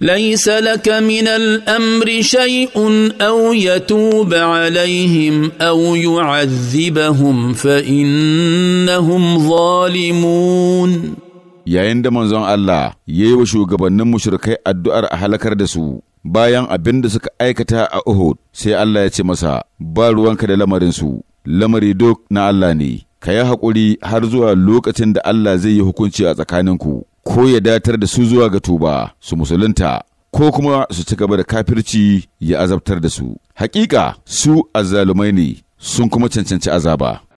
ليس لك من الامر شيء او يتوب عليهم او يعذبهم فانهم ظالمون yayin da manzon Allah ya yi wa shugabannin mushrikai addu'ar a halakar da su bayan abin da suka aikata a Uhud sai Allah ya ce masa ba ruwanka da lamarinsu lamari duk na Allah ne ka yi haƙuri har zuwa lokacin da Allah zai yi hukunci a tsakaninku ko ya datar da su zuwa ga tuba su musulunta ko kuma su ci gaba da kafirci ya azabtar da su hakika su azzalumai ne sun kuma cancanci azaba